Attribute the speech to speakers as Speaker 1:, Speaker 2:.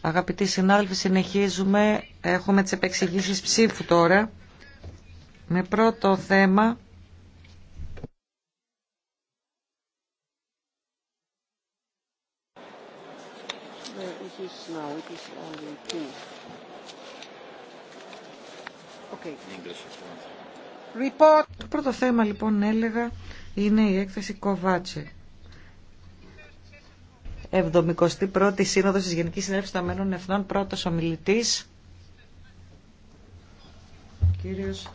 Speaker 1: Αγαπητοί συνάδελφοι, συνεχίζουμε. Έχουμε τις επεξηγήσεις ψήφου τώρα. Με πρώτο θέμα... Το πρώτο θέμα λοιπόν έλεγα είναι η έκθεση Κοβάτσε. 71η Σύνοδο τη Γενική Συνέλευση των Αμένων Εθνών. Πρώτο ομιλητή. Κύριος